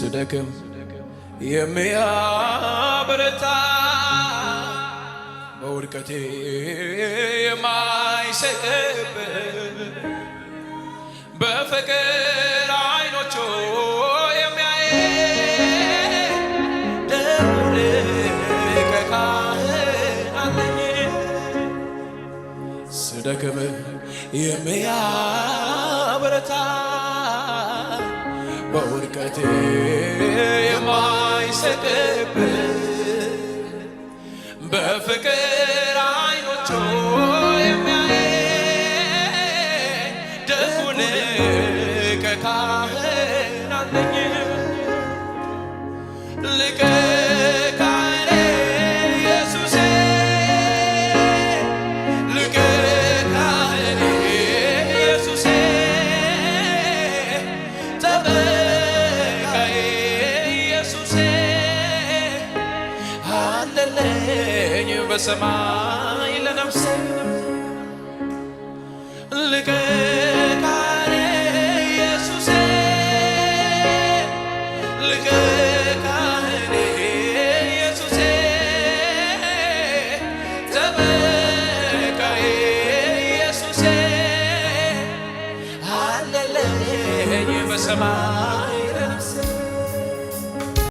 ስደክም የሚያበረታ በውድቀቴ የማይሰቅብ በፍቅር አይኖቹ የሚያይ የሚያበረታ በውድቀቴ የማይሰቅብን በፍቅር አይኖቹ ደጉን ከካህን አለኝ ልቀ አለለኝ በሰማይ ለነፍሴ ልቀቃሬ ኢየሱሴ ልቀቃሬ ኢየሱሴ ጠበቃዬ ኢየሱሴ አለለኝ በሰማይ